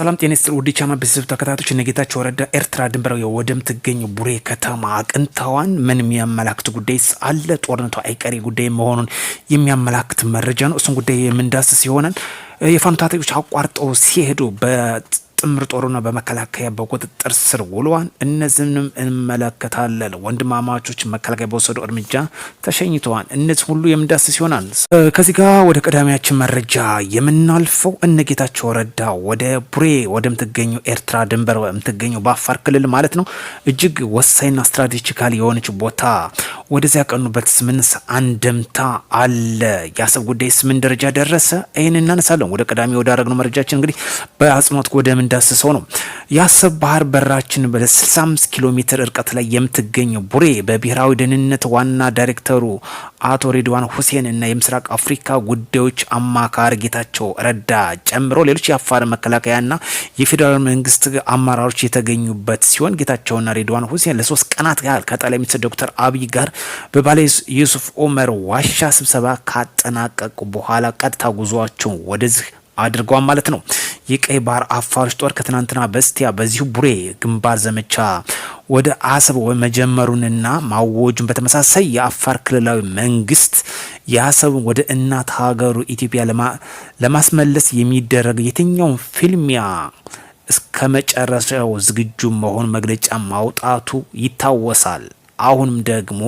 ሰላም ጤና ይስጥልኝ ውድ የቻናሌ ቤተሰብ ተከታታዮች፣ እነ ጌታቸው ረዳ ኤርትራ ድንበር ወደምትገኝ ቡሬ ከተማ አቅንተዋል። ምን የሚያመላክት ጉዳይ አለ? ጦርነቱ አይቀሬ ጉዳይ መሆኑን የሚያመላክት መረጃ ነው። እሱን ጉዳይ የምንዳስስ ይሆናል። የፋኖ ታጣቂዎች አቋርጠው ሲሄዱ ጥምር ጦሩና በመከላከያ በቁጥጥር ስር ውለዋል። እነዚህንም እንመለከታለን። ወንድማማቾች መከላከያ በወሰዱ እርምጃ ተሸኝተዋል። እነዚህ ሁሉ የምንዳስስ ይሆናል። ከዚህ ጋር ወደ ቀዳሚያችን መረጃ የምናልፈው እነ ጌታቸው ረዳ ወደ ቡሬ ወደምትገኘው ኤርትራ ድንበር የምትገኘው በአፋር ክልል ማለት ነው እጅግ ወሳኝና ስትራቴጂካል የሆነች ቦታ ወደዚያ ያቀኑበት ስምንስ አንድምታ አለ? የአሰብ ጉዳይ ስምን ደረጃ ደረሰ? ይህን እናነሳለን። ወደ ቀዳሚ ወዳረግነው መረጃችን እንግዲህ በአጽንኦት ወደ የምንዳስሰው ነው። የአሰብ ባህር በራችን በ65 ኪሎ ሜትር እርቀት ላይ የምትገኘው ቡሬ በብሔራዊ ደህንነት ዋና ዳይሬክተሩ አቶ ሬድዋን ሁሴን እና የምስራቅ አፍሪካ ጉዳዮች አማካሪ ጌታቸው ረዳ ጨምሮ ሌሎች የአፋር መከላከያና የፌዴራል መንግስት አመራሮች የተገኙበት ሲሆን ጌታቸውና ሬድዋን ሁሴን ለሶስት ቀናት ያህል ከጠቅላይ ሚኒስትር ዶክተር አብይ ጋር በባሌ ዩሱፍ ኦመር ዋሻ ስብሰባ ካጠናቀቁ በኋላ ቀጥታ ጉዟቸው ወደዚህ አድርጓል ማለት ነው። የቀይ ባህር አፋሮች ጦር ከትናንትና በስቲያ በዚሁ ቡሬ ግንባር ዘመቻ ወደ አሰብ መጀመሩንና ማወጁን በተመሳሳይ የአፋር ክልላዊ መንግስት የአሰብን ወደ እናት ሀገሩ ኢትዮጵያ ለማስመለስ የሚደረግ የትኛውን ፊልሚያ እስከ መጨረሻው ዝግጁ መሆን መግለጫ ማውጣቱ ይታወሳል። አሁንም ደግሞ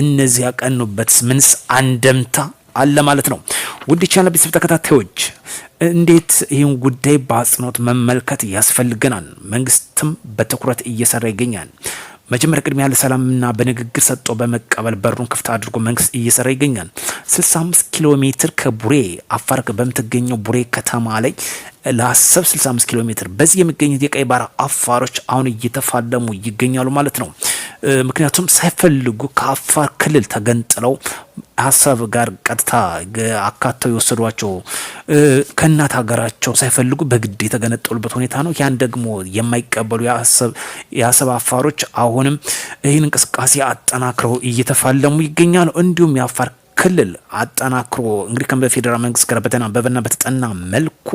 እነዚህ ያቀኑበት ምንስ አንደምታ አለ ማለት ነው። ውድ ቻናል ቤተሰብ ተከታታዮች እንዴት ይህን ጉዳይ በአጽንኦት መመልከት ያስፈልገናል። መንግስትም በትኩረት እየሰራ ይገኛል። መጀመሪያ ቅድሚያ ለሰላምና በንግግር ሰጥቶ በመቀበል በሩን ክፍት አድርጎ መንግስት እየሰራ ይገኛል። 65 ኪሎ ሜትር ከቡሬ አፋር በምትገኘው ቡሬ ከተማ ላይ ለአሰብ 65 ኪሎ ሜትር በዚህ የሚገኙት የቀይ ባህር አፋሮች አሁን እየተፋለሙ ይገኛሉ ማለት ነው። ምክንያቱም ሳይፈልጉ ከአፋር ክልል ተገንጥለው አሰብ ጋር ቀጥታ አካተው የወሰዷቸው ከእናት ሀገራቸው ሳይፈልጉ በግድ የተገነጠሉበት ሁኔታ ነው። ያን ደግሞ የማይቀበሉ የአሰብ አፋሮች አሁንም ይህን እንቅስቃሴ አጠናክረው እየተፋለሙ ይገኛሉ። እንዲሁም የአፋር ክልል አጠናክሮ እንግዲህ ከም በፌዴራል መንግስት ጋር በተናበበና በተጠና መልኩ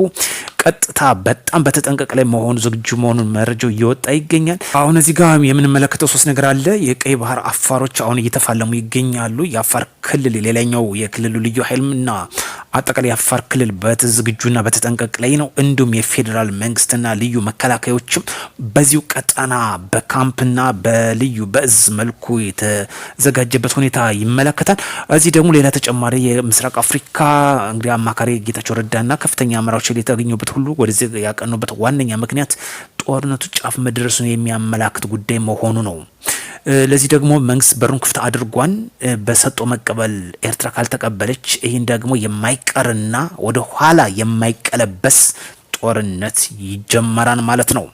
ቀጥታ በጣም በተጠንቀቅ ላይ መሆኑ ዝግጁ መሆኑን መረጃው እየወጣ ይገኛል። አሁን እዚህ ጋር የምንመለከተው ሶስት ነገር አለ። የቀይ ባህር አፋሮች አሁን እየተፋለሙ ይገኛሉ። የአፋር ክልል ሌላኛው የክልሉ ልዩ ኃይልና አጠቃላይ የአፋር ክልል በዝግጁና በተጠንቀቅ ላይ ነው። እንዲሁም የፌዴራል መንግስትና ልዩ መከላከያዎችም በዚሁ ቀጠና በካምፕና በልዩ በእዝ መልኩ የተዘጋጀበት ሁኔታ ይመለከታል። እዚህ ደግሞ ሌላ ተጨማሪ የምስራቅ አፍሪካ እንግዲህ አማካሪ ጌታቸው ረዳና ከፍተኛ አመራሮች የተገኙበት ሁሉ ወደዚህ ያቀኑበት ዋነኛ ምክንያት ጦርነቱ ጫፍ መድረሱን የሚያመላክት ጉዳይ መሆኑ ነው። ለዚህ ደግሞ መንግስት በሩን ክፍት አድርጓን በሰጦ መቀበል ኤርትራ ካልተቀበለች ይህን ደግሞ የማይቀርና ወደ ኋላ የማይቀለበስ ጦርነት ይጀመራል ማለት ነው።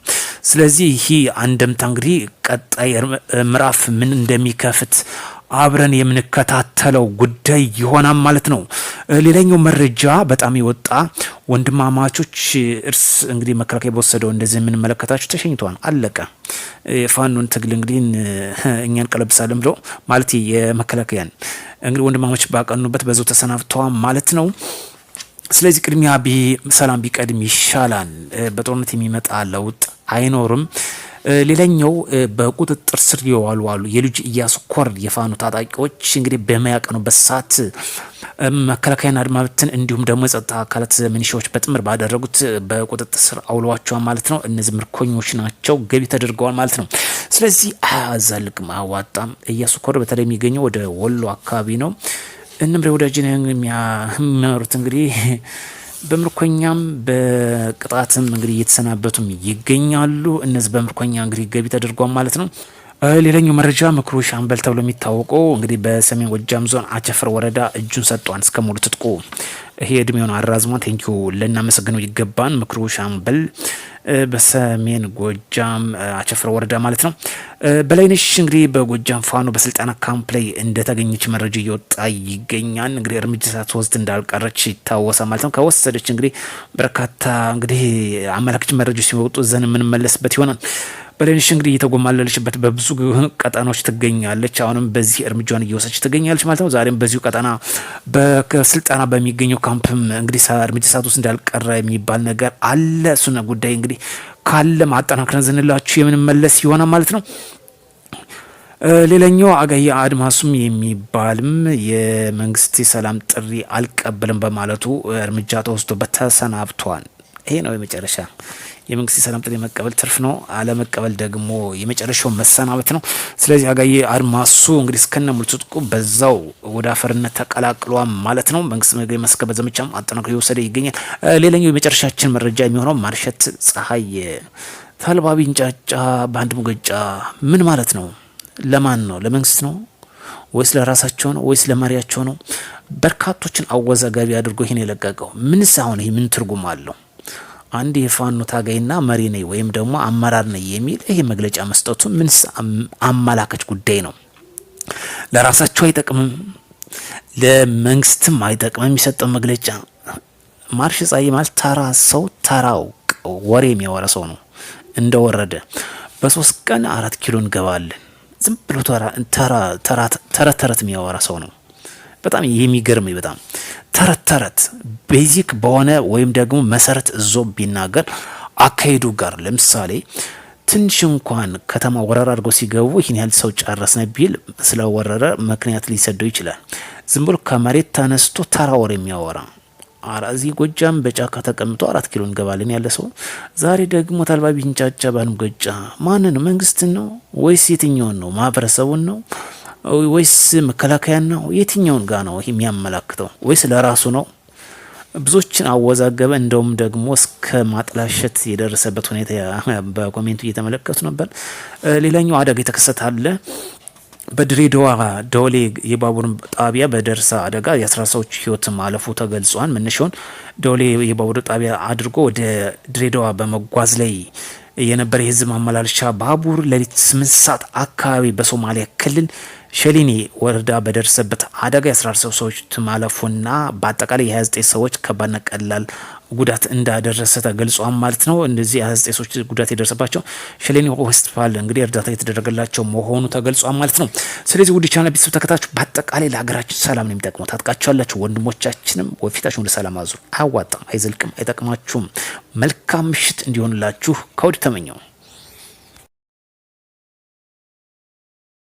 ስለዚህ ይህ አንድምታ እንግዲህ ቀጣይ ምዕራፍ ምን እንደሚከፍት አብረን የምንከታተለው ጉዳይ ይሆናል ማለት ነው። ሌላኛው መረጃ በጣም የወጣ ወንድማማቾች እርስ እንግዲህ መከላከያ በወሰደው እንደዚህ የምንመለከታቸው ተሸኝተዋል። አለቀ። ፋኖን ትግል እንግዲህ እኛን ቀለብሳለን ብሎ ማለት የመከላከያን እንግዲህ ወንድማማች ባቀኑበት በዛው ተሰናብተዋ ማለት ነው። ስለዚህ ቅድሚያ ሰላም ቢቀድም ይሻላል። በጦርነት የሚመጣ ለውጥ አይኖርም። ሌላኛው በቁጥጥር ስር የዋሉ አሉ የልጅ እያሱ ኮር የፋኑ ታጣቂዎች እንግዲህ በማያቀኑበት ሰዓት መከላከያን አድማብትን እንዲሁም ደግሞ የጸጥታ አካላት ሚኒሻዎች በጥምር ባደረጉት በቁጥጥር ስር አውሏቸዋል ማለት ነው። እነዚህ ምርኮኞች ናቸው፣ ገቢ ተደርገዋል ማለት ነው። ስለዚህ አያዛልቅም፣ አዋጣም። እያሱ ኮር በተለይ የሚገኘው ወደ ወሎ አካባቢ ነው። እንምሬ ወዳጅን የሚያመሩት እንግዲህ በምርኮኛም በቅጣትም እንግዲህ እየተሰናበቱም ይገኛሉ። እነዚህ በምርኮኛ እንግዲህ ገቢ ተደርጓል ማለት ነው። ሌላኛው መረጃ ምክሩ ሻምበል ተብሎ የሚታወቀው እንግዲህ በሰሜን ጎጃም ዞን አቸፈር ወረዳ እጁን ሰጧን እስከ ሙሉ ትጥቁ ይሄ እድሜውን አራዝሟ ቴንኪዩ ልናመሰግነው ይገባን ምክሩ ሻምበል በሰሜን ጎጃም አቸፍረ ወረዳ ማለት ነው። በላይነሽ እንግዲህ በጎጃም ፋኖ በስልጠና ካምፕ ላይ እንደተገኘች መረጃ እየወጣ ይገኛል። እንግዲህ እርምጃ ሳትወስድ እንዳልቀረች ይታወሳል ማለት ነው። ከወሰደች እንግዲህ በርካታ እንግዲህ አመላካች መረጃ ሲወጡ ዘን የምንመለስበት ይሆናል። በሌንሽ እንግዲህ እየተጎማለለችበት በብዙ ቀጠናዎች ትገኛለች። አሁንም በዚህ እርምጃን እየወሰች ትገኛለች ማለት ነው። ዛሬም በዚሁ ቀጠና በስልጠና በሚገኘው ካምፕም እንግዲህ እርምጃ ሰዓት ውስጥ እንዳልቀረ የሚባል ነገር አለ። እሱነ ጉዳይ እንግዲህ ካለ ማጠናክረን ዝንላችሁ የምንመለስ ይሆናል ማለት ነው። ሌላኛው አጋዬ አድማሱም የሚባልም የመንግስት የሰላም ጥሪ አልቀበልም በማለቱ እርምጃ ተወስዶ በተሰናብቷል። ይሄ ነው የመጨረሻ የመንግስት ሰላም ጥሪ መቀበል ትርፍ ነው፣ አለመቀበል ደግሞ የመጨረሻው መሰናበት ነው። ስለዚህ አጋዬ አድማሱ እንግዲህ እስከነ ሙሉ ትጥቁ በዛው ወደ አፈርነት ተቀላቅሏል ማለት ነው። መንግስት ምግብ ማስከበር ዘመቻም አጠናክሮ የወሰደ ይገኛል። ሌላኛው የመጨረሻችን መረጃ የሚሆነው ማርሸት ፀሐይ ተልባቢ እንጫጫ በአንድ ሙገጫ ምን ማለት ነው? ለማን ነው? ለመንግስት ነው ወይስ ለራሳቸው ነው ወይስ ለመሪያቸው ነው? በርካቶችን አወዛጋቢ አድርጎ ይህን የለቀቀው ምንስ አሁን ይህ ምን ትርጉም አለው? አንድ የፋኖ ታጋይና መሪ ነኝ ወይም ደግሞ አመራር ነኝ የሚል ይሄ መግለጫ መስጠቱ ምን አመላካች ጉዳይ ነው? ለራሳቸው አይጠቅምም፣ ለመንግስትም አይጠቅምም። የሚሰጠው መግለጫ ማርሽ ጻይ ማለት ተራ ሰው ተራው ወሬ የሚያወራ ሰው ነው። እንደወረደ በሶስት ቀን አራት ኪሎ እንገባለን ዝም ብሎ ተረት ተረት የሚያወራ ሰው ነው። በጣም የሚገርም በጣም ተረት ተረት ቤዚክ በሆነ ወይም ደግሞ መሰረት እዞ ቢናገር አካሄዱ ጋር ለምሳሌ ትንሽ እንኳን ከተማ ወረራ አድርገው ሲገቡ ይህን ያህል ሰው ጨረስነ ቢል ስለወረረ ምክንያት ሊሰደው ይችላል። ዝም ብሎ ከመሬት ተነስቶ ተራ ወር የሚያወራ አራዚ ጎጃም በጫካ ተቀምጦ አራት ኪሎ እንገባለን ያለ ሰው ዛሬ ደግሞ ተልባቢ እንጫጫ ባንም ጎጃ ማንን መንግስትን ነው ወይስ የትኛውን ነው? ማህበረሰቡን ነው? ወይስ መከላከያ ነው? የትኛውን ጋ ነው የሚያመላክተው? ወይስ ለራሱ ነው? ብዙዎችን አወዛገበ። እንደውም ደግሞ እስከ ማጥላሸት የደረሰበት ሁኔታ በኮሜንቱ እየተመለከቱ ነበር። ሌላኛው አደጋ የተከሰተ አለ። በድሬዳዋ ዶሌ የባቡር ጣቢያ በደረሰ አደጋ የአስራ ሰዎች ህይወት ማለፉ ተገልጿል። መነሻውን ዶሌ የባቡር ጣቢያ አድርጎ ወደ ድሬዳዋ በመጓዝ ላይ የነበረ የህዝብ ማመላለሻ ባቡር ሌሊት ስምንት ሰዓት አካባቢ በሶማሊያ ክልል ሸሊኒ ወረዳ በደረሰበት አደጋ የ14 ሰዎች ማለፉና በአጠቃላይ የ29 ሰዎች ከባድና ቀላል ጉዳት እንዳደረሰ ተገልጿል ማለት ነው። እንደዚህ የ29 ሰዎች ጉዳት የደረሰባቸው ሸሊኒ ሆስፒታል እንግዲህ እርዳታ የተደረገላቸው መሆኑ ተገልጿል ማለት ነው። ስለዚህ ውድ ቻናል ቤተሰብ ተከታችሁ በአጠቃላይ ለሀገራችን ሰላም ነው የሚጠቅመው። ታጥቃችሁ ያላችሁ ወንድሞቻችንም ወፊታችሁን ለሰላም አዙ። አያዋጣም፣ አይዘልቅም፣ አይጠቅማችሁም። መልካም ምሽት እንዲሆንላችሁ ከውድ ተመኘው።